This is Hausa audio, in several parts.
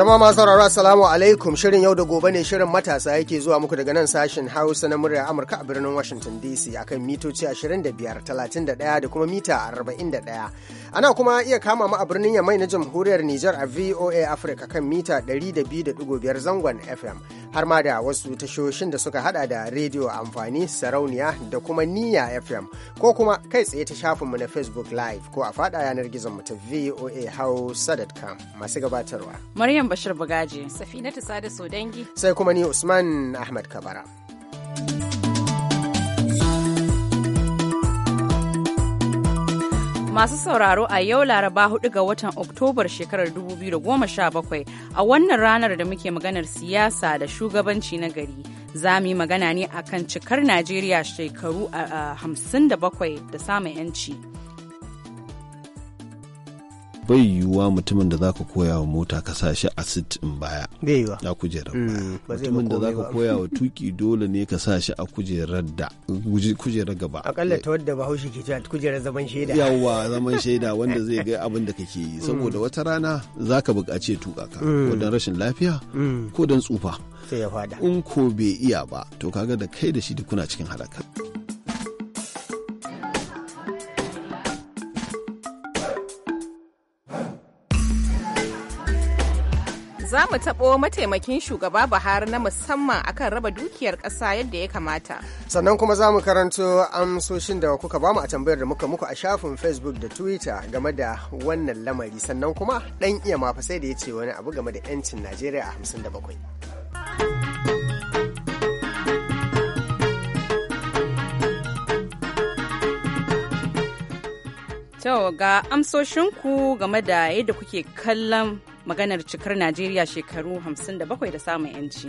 Jama'a masu sauraro Assalamu alaikum shirin yau da gobe ne shirin matasa yake zuwa muku daga nan sashen Hausa na murya Amurka a birnin Washington DC akan mitoci 25, 31 da kuma mita 41. Ana kuma iya kama mu a birnin Yamai na Jamhuriyar Nijar a VOA Africa kan mita 102.5 zangon FM har ma da wasu tashoshin da suka hada da rediyo amfani sarauniya da kuma niyya fm ko kuma kai tsaye ta shafinmu na facebook live ko a fada yanar gizon mu ta voa hausa.com masu gabatarwa maryam bashir bugaji safinatu sada sodangi sai kuma ni usman ahmad kabara thank you Masu sauraro a yau Laraba 4 ga watan Oktobar shekarar 2017 a wannan ranar da muke maganar siyasa da shugabanci na gari. Za mu yi magana ne akan cikar Najeriya shekaru 57 da samun 'yanci. bai yiwuwa mutumin da zaka koya wa mota ka sa shi a sit in baya a kujerar mm, baya mutumin da zaka koya wa tuki dole ne ka sa shi a kujerar da kujerar gaba akalla eh. ta wadda haushi ke cewa kujerar zaman shaida yawa zaman shaida wanda zai ga abin da kake yi saboda mm. wata rana zaka buƙace tuka ka mm. ko dan rashin lafiya ko dan tsufa sai ya fada in ko bai iya ba to kaga da kai da shi duk kuna cikin halaka za mu taɓo mataimakin shugaba Buhari na musamman akan raba dukiyar ƙasa yadda ya kamata. Sannan kuma za mu karanto amsoshin da kuka ba mu a tambayar da muka muku a shafin Facebook da Twitter game da wannan lamari sannan kuma ɗan iya mafa sai da ya ce wani abu game da 'yancin Najeriya a 57. To ga amsoshinku game da yadda kuke kallon maganar cikar najeriya shekaru 57 da samun 'yanci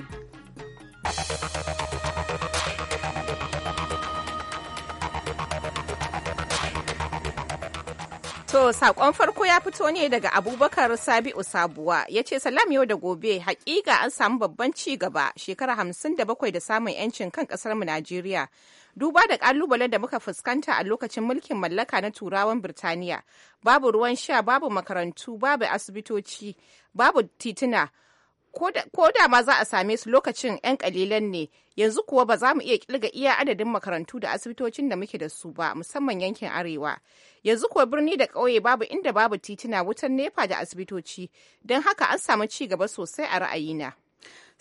To sakon farko ya fito ne daga Abubakar Sabi'u Sabuwa ya ce salam yau da gobe hakika an samu babban ci gaba shekara hamsin da da samun yancin kan kasar mu Najeriya duba da kalubalen da muka fuskanta a lokacin mulkin mallaka na turawan birtaniya babu ruwan sha babu makarantu babu asibitoci babu tituna ko da ma za a same su lokacin 'yan kalilan ne yanzu kuwa ba za mu iya kilga iya adadin makarantu da asibitocin da muke da su ba musamman yankin arewa yanzu kuwa birni da ƙauye babu inda babu tituna wutan nepa da asibitoci don haka an samu ci gaba sosai a ra'ayina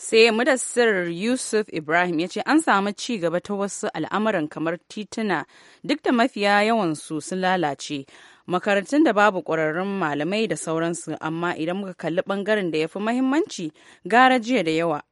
sai mudassir yusuf ibrahim ya ce an samu ci gaba ta wasu al'amuran kamar tituna duk da mafiya yawan su sun lalace makarantun da babu ƙwararrun malamai da sauransu amma idan muka kalli ɓangaren da ya fi mahimmanci gara jiya da yawa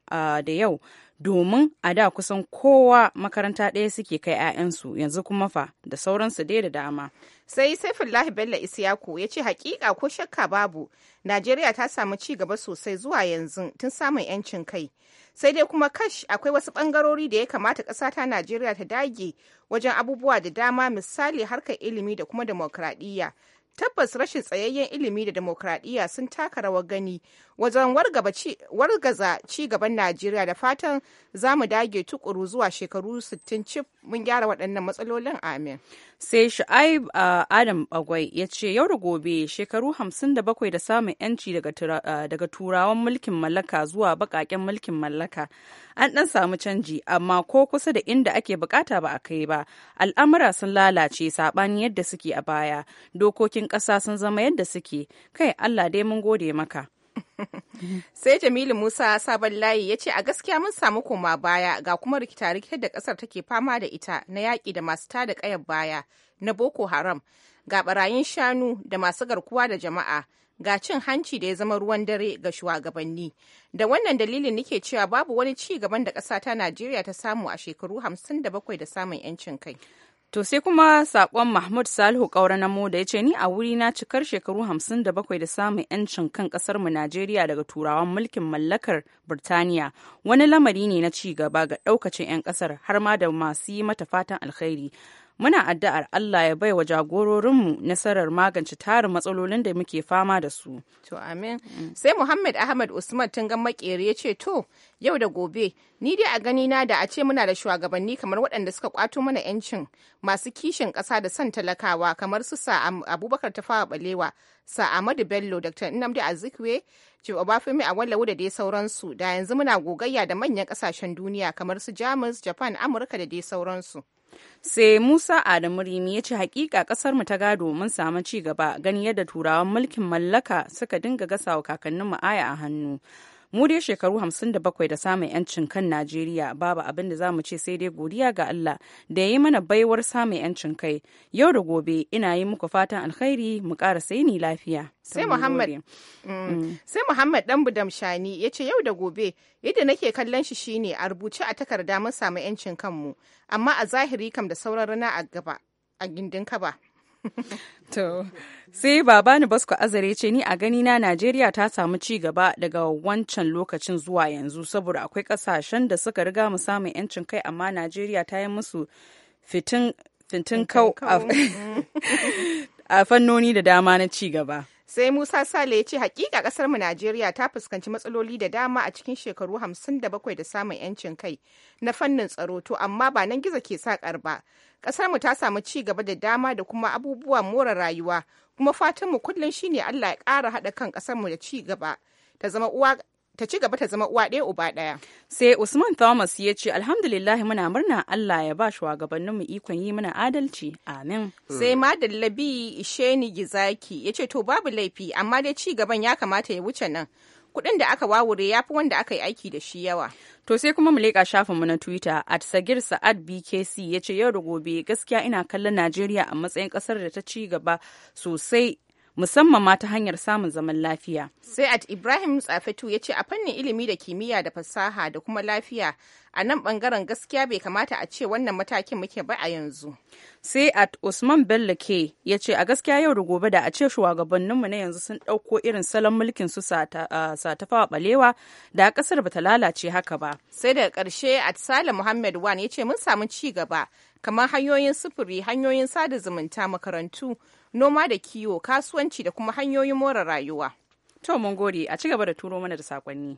da yau domin a da kusan kowa makaranta ɗaya suke kai 'ya'yansu yanzu kuma fa da sauransu dai da dama sai saifullahi bello isiyaku ya ce hakika ko shakka babu najeriya ta samu ci gaba sosai zuwa yanzu tun samun yancin kai sai dai kuma kash akwai wasu bangarori da ya kamata ƙasa ta najeriya ta dage wajen abubuwa da dama misali harkar ilimi da kuma demokradiyya tabbas rashin tsayayyen ilimi da demokradiyya sun taka rawar gani wajen wargaza ci gaban Najeriya da fatan za mu dage tukuru zuwa shekaru 60 cif mun gyara waɗannan matsalolin amin. Sai Shu'aib uh, Adam Bagwai ya ce yau da gobe shekaru 57 da samun 'yanci uh, daga turawan mulkin mallaka zuwa baƙaƙen mulkin mallaka. An ɗan samu canji amma ko kusa da inda ake bukata ba a kai ba. Al'amura sun lalace saɓani yadda suke a baya. Dokokin ƙasa sun zama yadda suke. Kai Allah dai mun gode maka. sai jamilu musa sabon layi ya ce a gaskiya mun samu koma baya ga kuma rikita-rikitar da kasar take fama da ita na yaƙi da masu tada ƙayar baya na boko haram ga barayin shanu da masu garkuwa da jama'a ga cin hanci da ya zama ruwan dare ga shugabanni da wannan dalilin nike cewa babu wani ci gaban da ƙasa ta najeriya ta samu a shekaru hamsin da bakwai da samun 'yancin kai To sai kuma sakon Mahmud Salihu Kaura na mu da ya ce ni a wuri na cikar shekaru hamsin da bakwai da samun yancin kan kasar mu Najeriya daga turawan mulkin mallakar Birtaniya wani lamari ne na ci gaba ga ɗaukacin 'yan kasar har ma da masu yi mata fatan alkhairi muna addu'ar Allah ya bai wa jagororinmu nasarar magance tarin matsalolin da muke fama da su. To amin. Mm. Sai Muhammad Ahmad Usman tun gan makere ya ce to yau da gobe ni dai a gani na da a ce muna da shugabanni kamar waɗanda suka kwato mana yancin masu kishin ƙasa da son talakawa kamar su sa Abubakar Tafawa Balewa, sa Ahmadu Bello, Dr. Nnamdi Azikwe, ce Obafemi a wallawu da dai sauransu da yanzu muna gogayya da manyan ƙasashen duniya kamar su Jamus, Japan, Amurka da dai sauransu. sai musa adamu rimi ya ce hakika kasar mu ta gado mun samu ci gaba gani yadda turawan mulkin mallaka suka dinga gasawa kakanninmu aya a hannu mu dai shekaru 57 da samun yancin kan najeriya babu abin da za ce sai dai godiya ga allah da ya yi mana baiwar samun yancin kai yau da gobe ina yi muku fatan alkhairi mu ƙara saini lafiya sai muhammad mm. Mm. sai muhammad dan budam shani ya ce yau da gobe yadda nake kallon shi shine a rubuce a takarda mun samu yancin kanmu amma a zahiri kam da sauran rana a gaba a gindin kaba To, sai babani Basko Azare ce ni a gani na Najeriya ta samu ci gaba daga wancan lokacin zuwa yanzu saboda akwai kasashen da suka riga mu samun yancin kai amma Najeriya ta yi musu fitin kau a fannoni da dama na ci gaba. sai musa sale ya ce hakika kasar mu najeriya ta fuskanci matsaloli da dama a cikin shekaru hamsin da bakwai da samun yancin kai na fannin tsaro to amma ba nan gizo ke sakar ba kasar mu ta samu ci gaba da dama da kuma abubuwan more rayuwa kuma fatan mu kullum shine allah ya ƙara haɗa kan kasar mu da ci gaba ta zama uwa ta ci gaba ta zama uwa ɗaya uba ɗaya. Sai Usman Thomas ya ce alhamdulillah muna murna Allah ya ba shugabanninmu ikon yi mana adalci amin. Sai Madallabi Isheni Gizaki ya ce to babu laifi amma dai ci gaban ya kamata ya wuce nan. kuɗin da aka wawure ya fi wanda aka yi aiki da shi yawa. To sai kuma mu leƙa mu na Twitter at Sagir Sa'ad BKC ya ce yau da gobe gaskiya ina kallon Najeriya a matsayin ƙasar da ta ci gaba sosai musamman ma ta hanyar samun zaman lafiya. at Ibrahim tsafetu ya ce a fannin ilimi da kimiyya da fasaha da kuma lafiya a nan bangaren gaskiya bai kamata a ce wannan matakin muke ba a yanzu. at Usman Bello ke ya ce a gaskiya yau da gobe da a ce shugabanninmu na yanzu sun ɗauko irin salon mulkin su satafawa balewa da kasar bata lalace haka ba. Sai daga ƙarshe at Salim Muhammad Wan ya ce mun samu ci gaba kamar hanyoyin sufuri hanyoyin sada zumunta makarantu noma da kiwo kasuwanci da kuma hanyoyin more rayuwa to mun gode a cigaba da turo mana da sakonni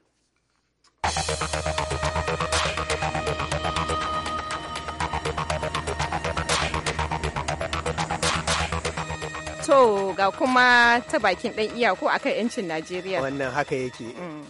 to ga kuma ta bakin dan iyako akan 'yancin najeriya wannan haka yake mm.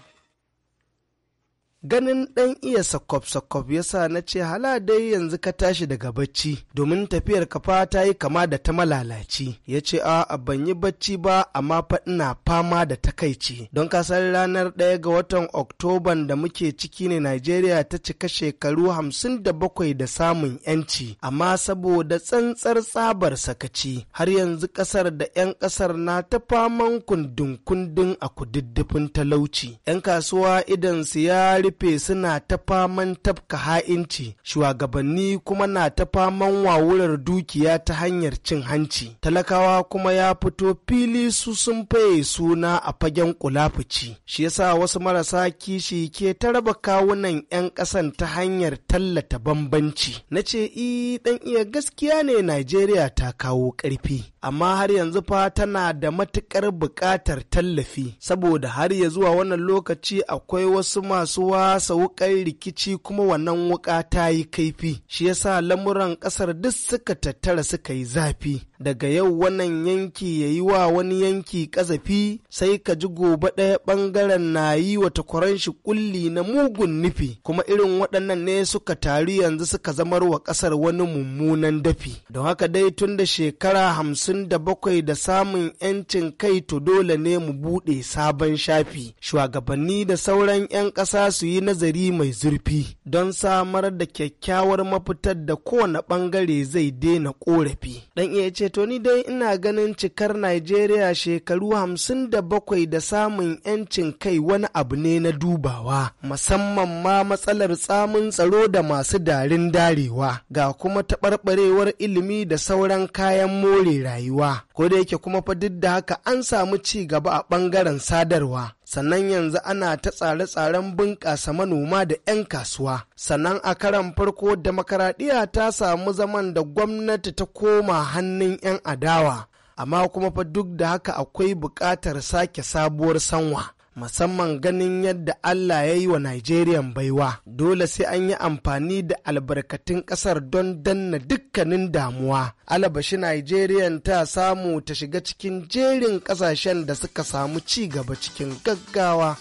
ganin ɗan iya sakwab-sakwab ya sa na ce hala dai yanzu ka tashi daga bacci domin tafiyar kafa ta yi kama da ta malalaci ya ce a ban yi bacci ba amma fa ina fama da takaici don san ranar ɗaya ga watan oktoban da muke ciki ne najeriya ta cika shekaru hamsin da bakwai da samun yanci amma saboda tsantsar tsabar sakaci har yanzu ƙasar da 'yan ƙasar na ta faman kundin kundin a kududdufin talauci 'yan kasuwa idan su ya nufe suna ta faman tafka ha'inci shugabanni kuma na ta faman wawurar dukiya ta hanyar cin hanci talakawa kuma ya fito fili su sun faye suna a fagen kulafuci shi yasa wasu marasa kishi ke ta raba kawunan 'yan ƙasan ta hanyar tallata bambanci na ce i dan iya gaskiya ne najeriya ta kawo ƙarfi amma har yanzu fa tana da matuƙar buƙatar tallafi saboda har ya zuwa wannan lokaci akwai wasu masu fasa wukan rikici kuma wannan wuka ta yi kaifi shi yasa lamuran kasar duk suka tattara suka yi zafi daga yau wannan yanki ya yi wa wani yanki kazafi sai ka ji gobe ɗaya ɓangaren na yi wa takwaran shi ƙulli na mugun nufi kuma irin waɗannan ne suka taru yanzu suka zamar wa ƙasar wani mummunan dafi don haka dai tun da shekara hamsin da bakwai da samun 'yancin kai to dole ne mu buɗe sabon shafi shugabanni da sauran 'yan ƙasa su yi nazari mai zurfi don samar da kyakkyawar mafitar da kowane ɓangare zai daina ƙorafi. Dan iya ce to ni dai ina ganin cikar Najeriya shekaru hamsin da bakwai da samun 'yancin kai wani abu ne na dubawa, musamman ma matsalar tsamin tsaro da masu darin darewa, ga kuma taɓarɓarewar ilimi da sauran kayan more rayuwa. Ko da yake kuma fa duk da haka an samu ci gaba a ɓangaren sadarwa. sannan yanzu ana ta tsare-tsaren bunƙasa manoma da 'yan kasuwa sannan a karan farko demokaradiyya ta samu zaman da gwamnati ta koma hannun 'yan adawa amma kuma fa duk da haka akwai buƙatar sake sabuwar sanwa musamman ganin yadda Allah ya yi wa Nigerian baiwa. Dole sai an yi amfani da albarkatun ƙasar don danna dukkanin damuwa. Alabashi Nigerian ta samu ta shiga cikin jerin ƙasashen da suka samu ci gaba cikin gaggawa.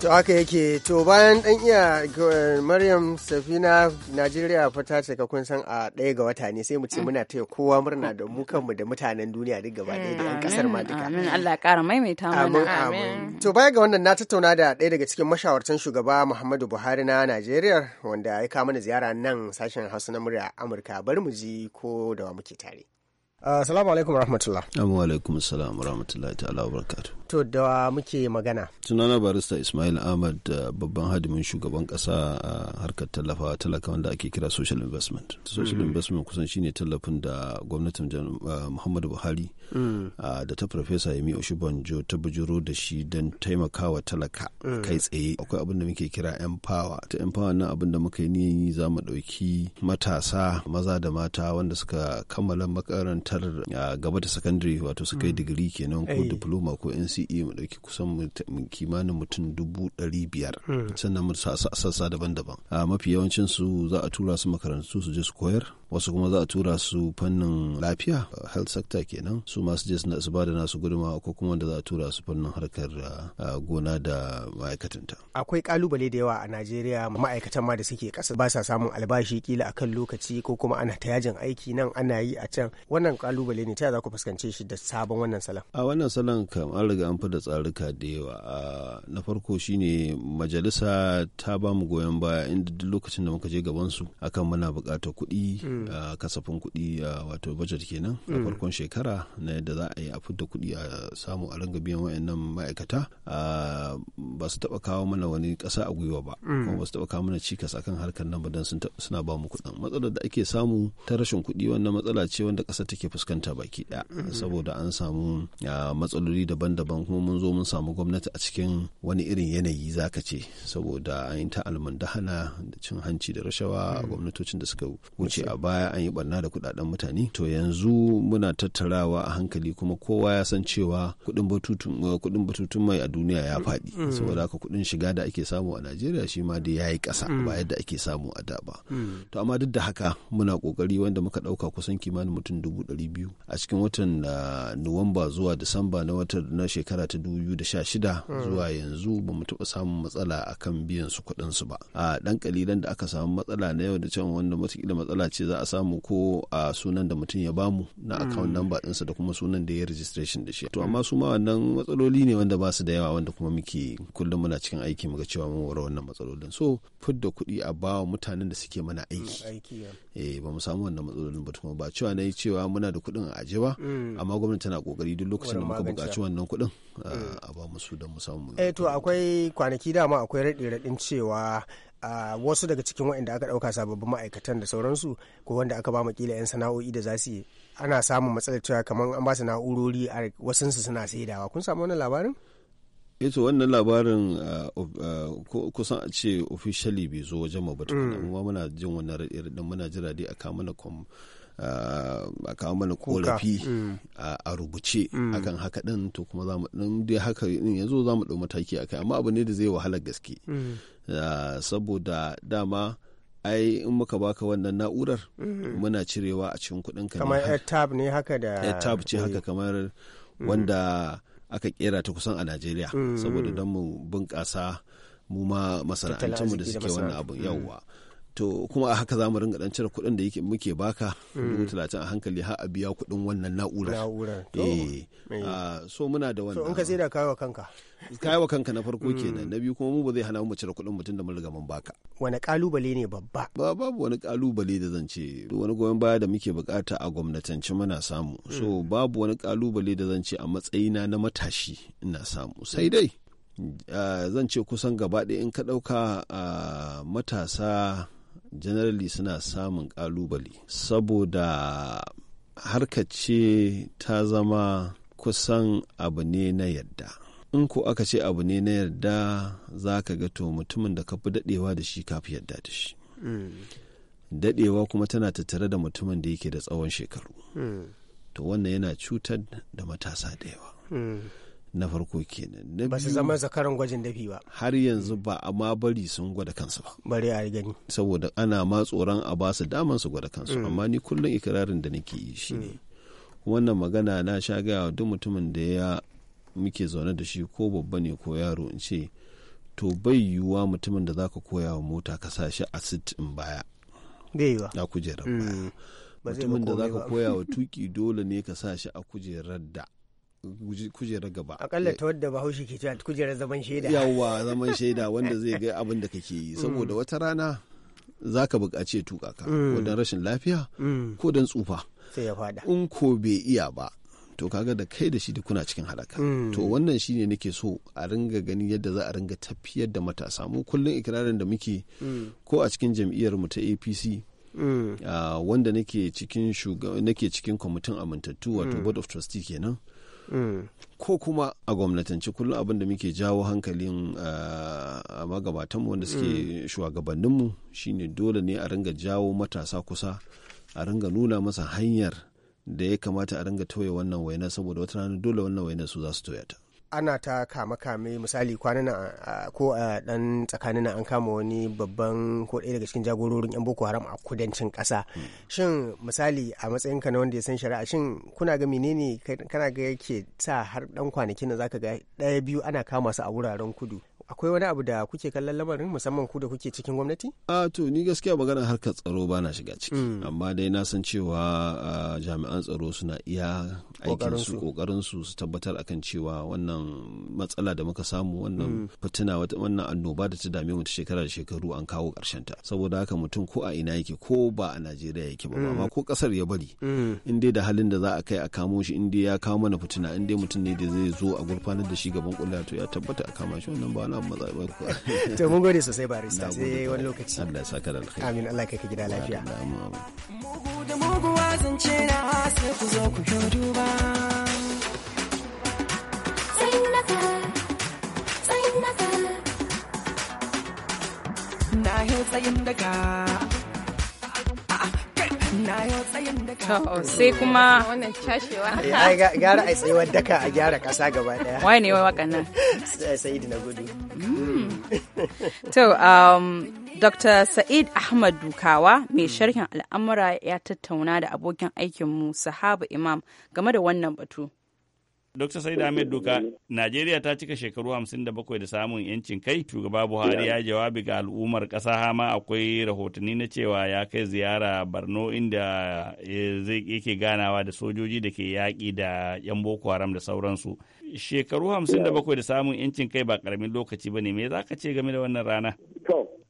to haka yake to bayan dan iya eh, maryam safina najeriya fa ta ka kun san a ɗaya ga wata ne sai mu ce mm. muna taya kowa murna da mu kanmu da mutanen duniya duk gaba ɗaya da yan kasar mm, ma duka amin Allah ƙara maimaita mana amin to baya ga wannan na tattauna da ɗaya daga cikin mashawartan shugaba Muhammadu Buhari na Najeriya wanda ya kawo mana ziyara nan sashen Hausa na murya Amurka bari mu ji ko da muke tare Assalamu uh, alaikum rahmatullah. Assalamu alaikum assalam rahmatullahi ta'ala wa To da muke magana. Sunana barista Ismail Ahmad uh, babban hadimin shugaban kasa a harkar tallafawa talaka wanda ake kira social investment. Social mm-hmm. investment kusan shine tallafin da gwamnatin uh, Muhammadu Buhari Ah, da ta farfesa yami oshibanjo ta bujuro da shi don taimakawa talaka kai tsaye akwai abin muke kira empower ta empower nan abin muka yi niyan yi za mu ɗauki matasa maza da mata wanda suka kammala makarantar ah, gaba da sakandare wato suka yi digiri kenan ko diploma ko nce mu ɗauki kusan kimanin mutum dubu ɗari biyar hmm. sannan mu sassa daban-daban ah, mafi yawancin su za a tura su makarantu su je su koyar wasu kuma za a tura su fannin lafiya health sector kenan su masu je su ba da nasu gudunmawa ko kuma wanda za a tura su fannin harkar gona da ma'aikatanta akwai kalubale da yawa a najeriya ma'aikatan ma da suke kasa ba sa samun albashi kila a kan lokaci ko kuma ana ta yajin aiki nan ana yi a can wannan kalubale ne ta za ku fuskance shi da sabon wannan salon a wannan salon kam an riga an fi da tsarika da yawa na farko shine majalisa ta ba mu goyon baya inda duk lokacin da muka je gaban su akan muna buƙatar kuɗi mm. Mm. Ah, kasafin kuɗi ah, wato budget kenan a mm. farkon shekara na yadda za a yi a fidda kuɗi a samu a ringa biyan wayannan ma'aikata ah, ba su taɓa kawo mana wani ƙasa a gwiwa ba mm. kuma ba su taɓa kawo mana cikas akan harkar nan ba don suna ba mu kuɗin matsalar da ake samu ta rashin kuɗi wannan matsala ce wanda ƙasa take fuskanta baki ɗaya saboda an samu matsaloli daban-daban kuma mun zo mun samu gwamnati a cikin wani irin yanayi zaka ce saboda an yi ta almandahana da cin hanci da rashawa gwamnatocin da suka wuce a ba. baya an yi barna da kudaden mutane to yanzu muna tattarawa a hankali kuma kowa ya san cewa kudin batutun uh, kudin batutun mai a duniya ya faɗi mm. saboda haka kudin shiga da ake samu a Najeriya shi ma dai yayi kasa mm. ba yadda ake samu a da ba mm. to amma duk da haka muna kokari wanda muka dauka kusan kimanin mutum dubu ɗari biyu a cikin watan uh, Nuwamba zuwa Disamba na watan na shekara ta da 2016 zuwa yanzu ba mu taɓa samun matsala akan biyan su kuɗin su ba a dan kalilan da aka samu matsala na yau da can wanda matakila matsala ce za za a samu ko a sunan da mutum ya bamu na mm. account number ɗinsa da kuma sunan da ya registration da shi to amma su ma wannan matsaloli ne wanda ba su da yawa wanda kuma muke kullum muna cikin aiki muga cewa mun wara wannan matsalolin so da kuɗi a bawa mutanen da suke mana aiki mm, eh ba mu samu wannan matsalolin ba kuma ba cewa na yi cewa muna da kuɗin a aje ba mm. amma gwamnati tana kokari duk lokacin da muka buƙaci wannan kuɗin a ba mu su don mu samu eh to akwai kwanaki dama akwai raɗe-raɗin cewa a wasu daga cikin waɗanda aka ɗauka sababbin ma'aikatan da sauransu ko wanda aka ba kila 'yan sana'o'i da za su yi ana samun matsalar cewa kamar an ba su na'urori a wasansu suna saidawa kun samu wannan labarin eto eh wannan labarin kusan a ce officially bai zo wajen mu ba kuma mm. muna jin wannan raɗe muna jira dai a kama na a kawo mana korafi mm. a rubuce mm. akan haka din to kuma za mu dai haka yanzu za mu ɗau mataki akai amma abu ne da zai wahalar gaske saboda dama ai in muka baka wannan na'urar mhm. muna cirewa a cikin kuɗin ka kamar airtab ne haka da airtab ce haka eh. kamar mm. wanda aka kera ta kusan a najeriya mm. saboda don mu bunƙasa mu ma mu da suke wannan abu yawwa mm to kuma a haka zamu ringa dan cire kuɗin da yake muke baka dubu hmm. talatin a hankali har a biya kuɗin wannan na'urar eh, so muna da wannan so in ka saida da kayo kanka kayo kanka na farko hmm. kenan na biyu kuma mu ba zai hana mu cire kuɗin mutum da mun riga mun baka wani kalubale ne babba ba babu wani kalubale da zan ce wani goyon baya da muke bukata a gwamnatanci muna samu so hmm. babu wani kalubale da zan ce a matsayina na matashi ina samu sai dai zan ce kusan gaba ɗaya in ka ɗauka matasa generally suna samun kalubale saboda harka ce ta zama kusan abu ne na yadda in ko aka ce abu ne na yarda za ka ga to mutumin da ka fi dadewa da shi kafi yarda da shi mm. dadewa kuma tana tattare da mutumin da yake da tsawon shekaru mm. to wannan yana cutar da matasa da yawa mm. na farko kenan ba su zama zakaran gwajin dafi ba har yanzu ba amma bari sun gwada kansu ba bari a gani saboda ana ma tsoron a ba su daman su gwada kansu mm. amma ni kullum ikirarin da nake yi shi ne mm. wannan magana na sha gaya duk mutumin da ya muke zaune da shi ko babba ne ko yaro in ce to bai yiwuwa mutumin da zaka koya wa mota ka sa shi a sit in baya na kujerar baya mm. mutumin da zaka koya wa tuki dole ne ka sa shi a kujerar da kujerar gaba. Akalla ta eh. wadda bahaushe ke cewa kujerar zaman shaida. Yawwa zaman shaida wanda zai ga abin da kake yi saboda mm. wata rana za ka buƙaci tuka ka mm. ko don rashin lafiya mm. ko don tsufa. Sai ya fada. In ko bai iya ba to kaga da kai da shi da kuna cikin halaka. To wannan shine nake so a ringa ganin yadda za a ringa tafiyar da matasa mu kullum ikirarin da muke ko a cikin jam'iyyar mu ta APC ah, wanda nake cikin cikin kwamitin amintattu wato board of trustee kenan. ko kuma a gwamnatanci kullum abin da muke jawo hankalin a ah, magabatanmu wanda suke shugabanninmu shine dole ne a ringa jawo matasa kusa a ringa nuna masa hanyar da ya kamata a ringa toye wannan wainar saboda wata rana dole wannan wainar su za su toya ana ta kame-kame misali kwanan ko a dan tsakanin an kama wani babban ko ɗaya daga cikin jagororin yan boko haram a kudancin ƙasa shin misali a matsayin ka na wanda ya san shari'a shin kuna ga menene kana ga yake sa har dan kwanakin da zaka ga ɗaya biyu ana kama su a wuraren kudu akwai wani abu da kuke kallon lamarin musamman ku da kuke cikin gwamnati? a to ni gaskiya magana harkar tsaro ba na shiga ciki hmm. amma dai na san cewa jami'an tsaro suna iya aikin su kokarin su su tabbatar akan cewa wannan matsala da muka samu wannan hmm. fitina wannan annoba da ta dame mu ta shekara da shekaru an kawo karshen ta saboda haka mutum ko a ina yake ko ba a Najeriya yake ba hmm. amma ko kasar ya bari in dai da halin da za a kai a kamo shi in dai ya kawo mana fitina in dai mutum ne da zai zo a gurfanar da shi gaban ƙulla to ya tabbata a kama shi wannan ba na ba mu zaɓa ku to mun gode sosai barista sai wani lokaci Allah ya saka alkhairi amin Allah kai ka gida lafiya na ku zo ku duba tsayin tsayin daga sai kuma wannan cashewa eh, gara ai tsayuwar daka a gyara kasa gaba daya wai ne wai wakan nan sai na gudu hmm. to um, Dr. Sa'id Ahmad Dukawa mai hmm. sharhin al'amura ya tattauna da abokin aikinmu Sahaba Imam game da wannan batu. Dokta Saida Ahmed Duka, Najeriya ta cika shekaru 57 da samun 'yancin kai, shugaba Buhari ya jawabi ga al'ummar ƙasa hama akwai rahotanni na cewa ya kai ziyara Barno inda eh, yake ganawa da sojoji da ke yaƙi da 'yan Boko Haram da sauransu. Shekaru 57 da samun 'yancin kai ba ƙaramin lokaci ba ne, me za ka ce game da wannan rana?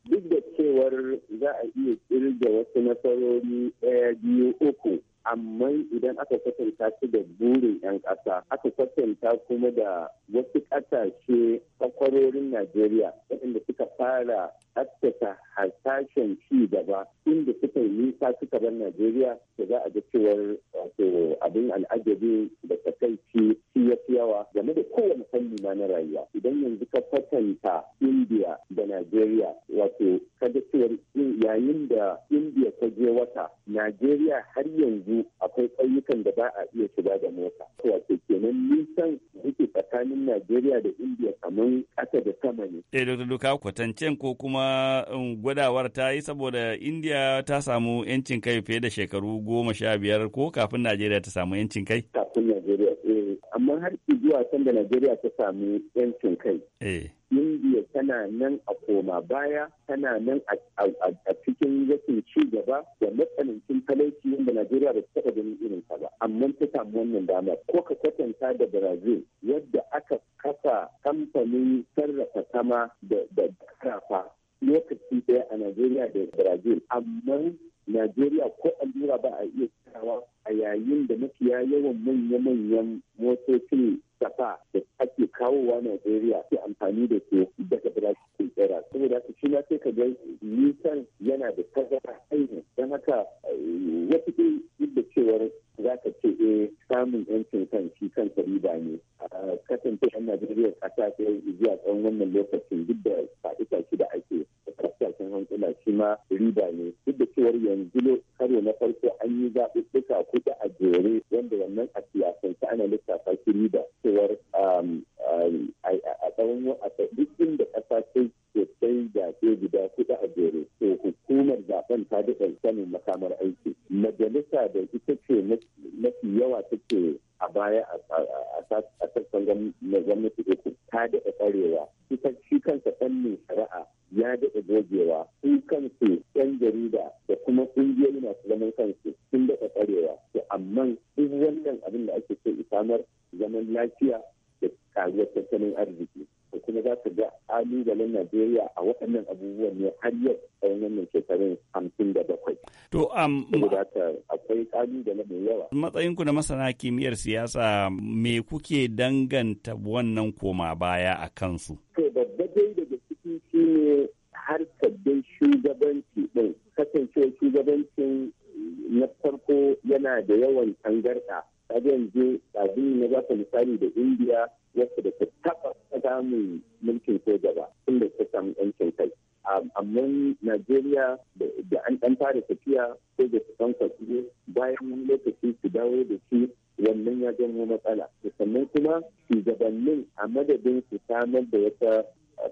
duk da cewar za a iya ƙirga wasu nasarori ɗaya biyu uku amma idan aka kwatanta su da burin 'yan ƙasa aka kwatanta kuma da wasu ƙasashe kwakwarorin najeriya waɗanda suka fara haskaka hasashen ci gaba inda suka yi nisa suka bar najeriya da za a ga cewar wato abin al'ajabi da takaici shi ya fi yawa game da kowane fanni ma na rayuwa idan yanzu ka kwatanta indiya da najeriya wato ka ga cewar yayin da indiya ta je wata najeriya har yanzu akwai ƙauyukan da ba a iya shiga da mota. Wato kenan nisan yake tsakanin Najeriya da Indiya kamar ƙasa da sama ne. Eh, Dr. Duka kwatancen ko kuma um, gwadawar ta yi saboda Indiya ta samu 'yancin kai fiye da shekaru goma sha biyar ko kafin Najeriya ta samu 'yancin kai? Kafin Najeriya don har zuwa da Najeriya ta sami yancin kai. Eh. Indiya tana nan a koma baya, tana nan a cikin rashin ci gaba da matsanancin talauci wanda Najeriya ba ta taɓa ganin irin ta ba. Amma ta samu wannan dama ko ka kwatanta da Brazil yadda aka kafa kamfanin sarrafa sama da karafa lokaci ɗaya a Najeriya da Brazil. Amma Najeriya ko allura ba a iya a yayin da mafiya yawan manya-manyan motocin safa da ake kawowa Najeriya ke amfani da su daga Brazil era saboda su shi ma sai ka ga nisan yana da tazara ainihin don haka eh, wasu dai duk da cewar za ka ce eh samun yancin kan shi kansa riba ne kasance yan Najeriya kasa ce zuwa tsawon wannan lokacin duk da faɗi da ake kasashen hankula shi ma riba ne duk da cewar yanzu zaman lafiya da karuwar tattalin arziki da kuma za ta ga kalubalen Najeriya a waɗannan abubuwan ne har yau a wannan shekarun hamsin da bakwai. To, am. Um, akwai kalubale mai yawa. Matsayinku na masana kimiyyar siyasa me kuke danganta wannan koma baya a kansu? To, babba dai daga cikin shi ne har sabbin shugabanci ɗin. Kasancewa shugabancin na farko yana da yawan tangarɗa kaga yanzu ɗazin na ba misali da indiya wasu da ta taɓa samun mulkin soja ba tun da ta samu yancin kai amma najeriya da an ɗan da tafiya ko da su san kwasu bayan wani lokaci su dawo da shi wannan ya janyo matsala sannan kuma shugabannin a madadin su samar da wata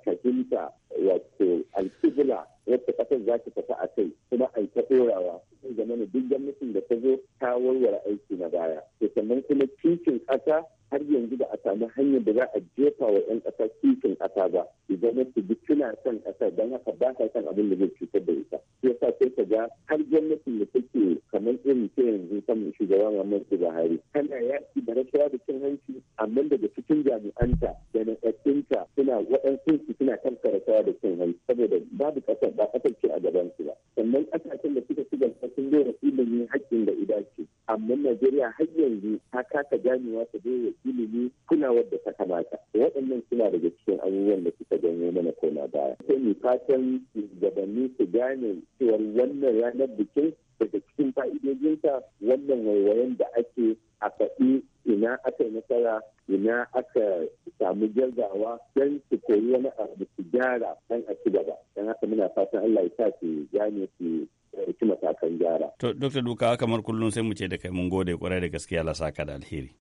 kafinta wato alkibla wacce kasar za ta tafi a kai kuma aika ta ɗorawa zama duk gwamnatin da ta zo ta warware aiki na baya sannan kuma titin ƙasa har yanzu da a samu hanyar da za a jefa wa 'yan ƙasa titin ƙasa ba idan su duk suna son ƙasar don haka ba sa son abin da zai cutar da ita sai sa sai ka ga har gwamnatin da take kamar irin ta yanzu kan shugaba Muhammadu Buhari tana yaki da rashawa da cin hanci amma daga cikin jami'anta ilimi ta kasa ganewa ta bai wa ilimi kulawar da ta kamata waɗannan suna daga cikin abubuwan da suka janyo mana kona baya sai mu fatan shugabanni su gane cewar wannan ranar bikin daga cikin fa'idojinsa wannan waiwayen da ake a faɗi ina aka yi nasara ina aka samu jirgawa don su koyi wani abu su gyara don a ci gaba don haka muna fatan Allah ya sa su gane su ɗauki matakan gyara. Dr. Duka kamar kullum sai mu ce da kai mun gode kwarai da gaskiya lasa ka da alheri.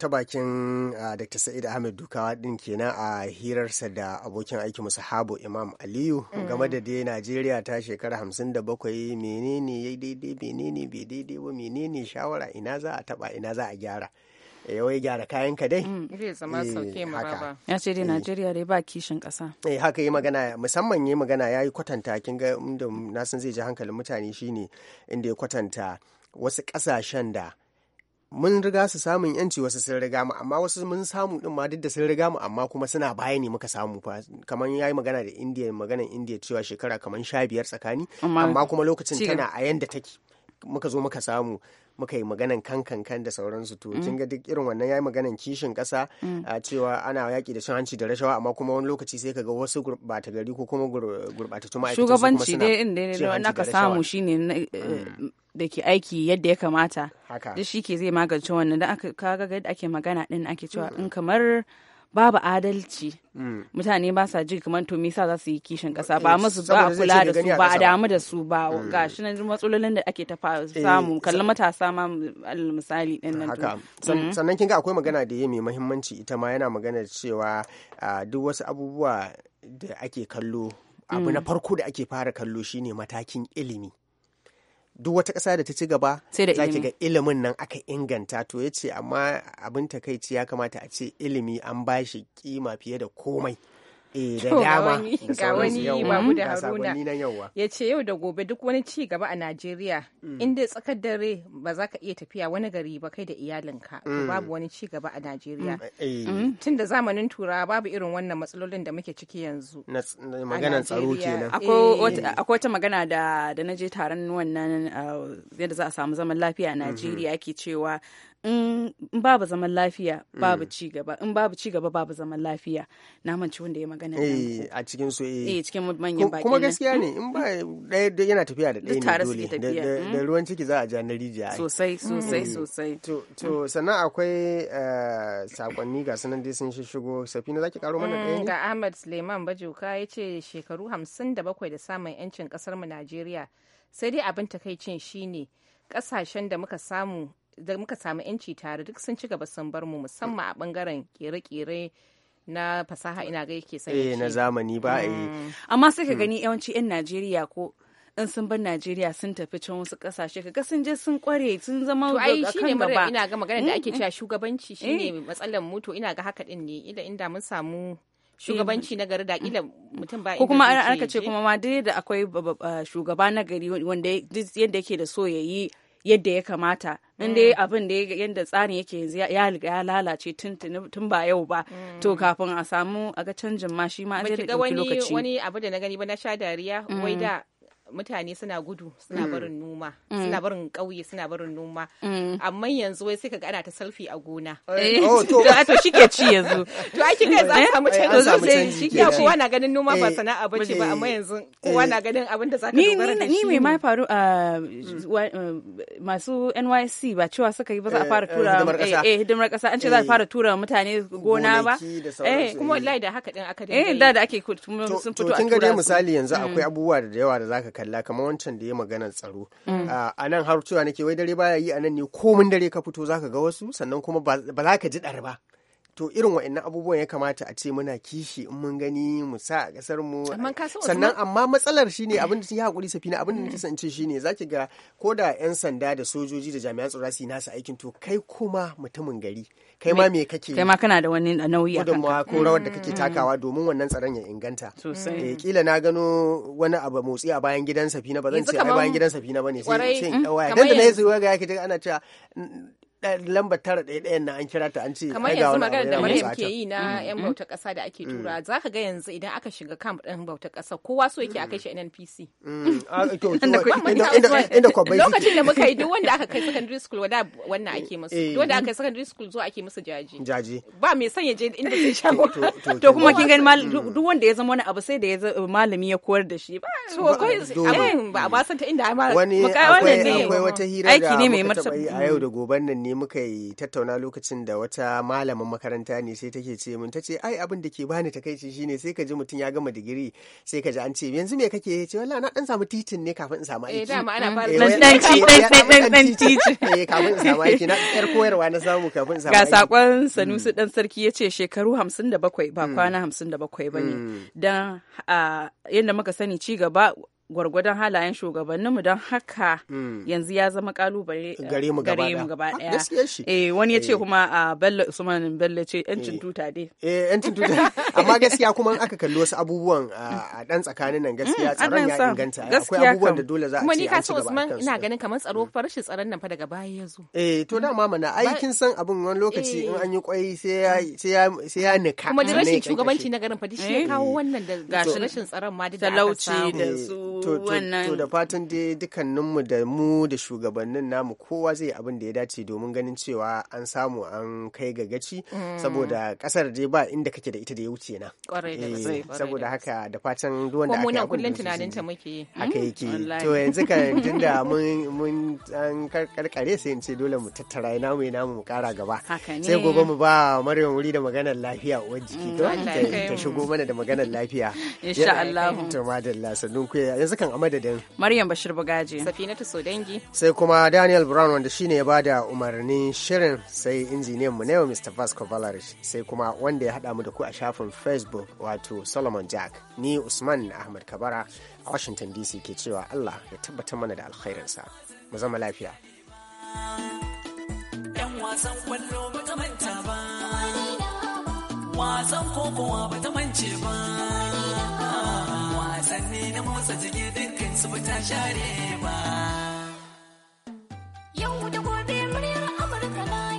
ta bakin Dr. Sa'id Ahmed Dukawa din kenan a hirarsa da abokin aiki Sahabo Imam Aliyu mm. game da dai Najeriya ta shekara 57 menene ya daidai menene bai daidai ba menene shawara ina za a taba ina za a gyara. yawai eh, gyara kayan ka dai. Mm, eh, ya ce dai eh. Najeriya dai ba kishin kasa. Eh haka yi magana musamman yi magana ya yi kwatanta kin ga inda nasan zai ji hankalin mutane shine inda ya kwatanta wasu ƙasashen da mun riga su samun yanci wasu sun riga mu amma wasu mun samu din ma duk da sun riga mu amma kuma suna baya ne muka samu fa kamar yayi magana da India maganan India cewa shekara kamar sha biyar tsakani amma kuma lokacin tana a yanda take muka zo muka samu muka yi maganan kan kan kan da sauransu to mm. kin ga duk irin wannan yayi maganan kishin kasa mm. a cewa ana yaki da cin hanci da rashawa amma kuma wani lokaci sai kaga wasu gurbata gari ko kuma gurbatattu ma'aikata shugabanci dai inda dai wanda ka samu shine eh, mm. da ke aiki yadda ya kamata duk shi ke zai magance wannan da aka kaga yadda ake magana din ake cewa in kamar babu adalci mm. mutane ba sa ji kamar to sa za su yi kishin kasa ba musu ba kula da su ba a damu da su ba mm. ga shi nan matsalolin da ake ta eh, samu kallon matasa ma misali din nan mm-hmm. sannan kin ga akwai magana da ya mai muhimmanci ita ma yana magana cewa duk wasu abubuwa da ake kallo abu mm. na farko da ake fara kallo shine matakin ilimi duk wata ƙasa da ta ci gaba za ki ga ilimin nan aka inganta to ya ce amma abin takaici ya kamata a ce ilimi an bashi kima fiye da komai Eh, ga wani babu da haruna ya ce yau da gobe duk wani ci gaba a najeriya mm. inda tsakar dare ba za ka iya tafiya wani gari ba kai da iyalinka mm. babu wani ci gaba a najeriya mm, eh. tun da zamanin turawa babu irin wannan matsalolin da muke ciki yanzu eh. akwai wata magana da na je taron wannan uh, yadda za a samu zaman lafiya a mm-hmm. najeriya ke cewa in babu zaman lafiya babu mm. ci gaba in babu ci gaba babu zaman lafiya na manci wanda ya magana eh a cikin su eh, eh cikin manyan baki kuma gaskiya ne in ba hmm? ɗaya yana tafiya da ɗaya ne dole hmm? da ruwan ciki za a ja na rijiya sosai hmm. sosai eh. sosai to to sannan akwai eh, sakonni ga sanan dai sun shigo safina zaki karo mana ɗaya mm, ne ga Ahmad Suleiman Bajoka yace shekaru 57 da samun yancin kasar mu Najeriya sai dai abin takaicin shine kasashen da muka samu da muka samu yanci tare duk sun ci gaba sun bar mu musamman a bangaren kere-kere na fasaha ina ga yake sai eh, na zamani ba eh amma sai ka mm. gani yawanci yan Najeriya ko in sun bar Najeriya sun tafi can wasu kasashe kaga sun je sun kware sun zama a kan gaba. shine mara ina ga magana da ake mm, cewa shugabanci shine eh. matsalar mu to ina ga haka din ne ila inda mun samu eh. shugabanci na gari da kila mutum ba ko kuma an aka ce kuma ma dai da akwai shugaba na gari wanda yadda yake da so yayi yadda ya kamata in dai mm. abin da yadda tsarin yake yanzu ya lalace tun ba yau ba to mm. kafin a samu a ga canjin ma shi ma an je da wani abu da na gani ba na sha dariya wai mm. da mutane suna gudu suna mm. barin noma mm. suna barin ƙauye suna barin noma mm. amma yanzu wai sai ka ana ta salfi a gona eh. oh, to shike ci yanzu to ai kika za eh? eh, samu canji shike kowa na ganin noma ba sana'a ba ce ba amma yanzu kowa na ganin abin da zaka dubara da shi ni me mai faru ah, a masu NYC ba cewa suka yi ba za a fara tura eh hidimar kasa an ce za a fara tura mutane gona ba eh kuma wallahi da haka din aka eh da da ake sun fito a tura to kin ga misali yanzu akwai abubuwa da yawa da zaka kalla kamar wancan da ya magana tsaro mm. ah, a nan har cewa nake wai dare baya yi a nan ne komin dare ka fito zaka ga wasu sannan kuma ba za ka ji ɗar ba to irin wa'annan abubuwan ya kamata a ce muna kishi in mun gani mu sa a kasar mu sannan amma matsalar shine abin da ya hakuri safina abin da nake son ce shine zaki ga ko da yan sanda da sojoji da jami'an tsaro su nasu aikin to kai kuma mutumin gari kai ma me kake kai ma kana da wani nauyi a kanka ko rawar da kake mm. takawa domin wannan tsaron ya inganta sosai eh kila na gano wani abu motsi a bayan gidan safina ba zan ce a bayan gidan safina bane sai sai dan dan da ne zuwa ga yake ana cewa lamba tara ɗaya ɗayan na an kira ta an ce kamar yanzu magana da Maryam ke yi na mm. yan mm. bauta ƙasa da ake mm. tura za ka ga yanzu idan aka shiga kamp ɗin bauta ƙasa kowa so yake a kai shi NNPC ah, lokacin da muka yi duk wanda aka kai secondary school wadda wannan ake musu eh. duk wanda aka kai secondary school zo ake musu jaji jaji ba mai son ya je inda zai sha to kuma kin gani duk wanda ya zama wani abu sai da ya malami ya koyar da shi ba to akwai ba ba san ta inda ma wani akwai wata hira da aiki ne mai martaba a yau da goban nan ne ne muka yi tattauna lokacin da wata malamin makaranta ne sai take ce mun tace ai abin da ke bani takaici shine sai ka ji mutum ya gama digiri sai ka ji an ce yanzu me kake ce wala na dan samu titin ne kafin in samu aiki eh dama ana fara dan dan dan titin eh kafin in samu aiki na yar koyarwa na samu kafin in samu aiki ga sakon Sanusi dan sarki ah, yace shekaru 57 ba kwana 57 bane dan yanda muka sani ci gaba gwargwadon halayen shugabanninmu don haka hmm. yanzu ya zama kalubale eh, gare mu gaba daya ah, eh wani ya ce eh. kuma a ah, bello usman bello ce yancin eh. tuta dai eh yancin tuta amma gaskiya kuma aka kalli wasu abubuwan ah, a dan tsakanin nan gaskiya hmm, tsaron ya inganta akwai abubuwan da dole za a ce kuma ni ka so usman ina ganin kamar tsaro hmm. farashin tsaron nan fa daga baya ya zo eh to dama mana ai kin san abin wani lokaci in an yi kwai sai ya sai ya nika kuma da rashin shugabanci na garin fa shi ya kawo wannan da rashin tsaron ma da talauci da su wannan to da fatan dai dukkaninmu da mu da shugabannin namu kowa zai abin da ya dace domin ganin cewa an samu an kai ga gaci mm. saboda kasar dai ba inda kake da ita da ya wuce na eh, saboda haka da fatan duwan da aka yi kullum tunanin ta muke haka mm, yake to yanzu kan tunda mun mun an karkare sai in ce dole mu tattara ina mu ina mu kara gaba sai gobe mu ba Maryam wuri da maganar lafiya uwar jiki mm, ta shigo mana da maganar lafiya insha Allah to madalla sannun ku yanzu kan a madadin maryam bashir bugaji safinatu sodangi sai kuma daniel brown wanda shine ya bada umarnin shirin sai injiniyan mu yau mr vasco valarish sai kuma wanda ya hada mu da ku a shafin facebook wato solomon jack ni usman ahmad kabara a washington dc ke cewa allah ya tabbatar mana da alkhairinsa mu zama lafiya wasan kwallo ba ta manta ba wasan kokowa ba ta mance ba wasanni na motsa jiki dukkan su ta share ba. Yau da gobe muryar Amurka na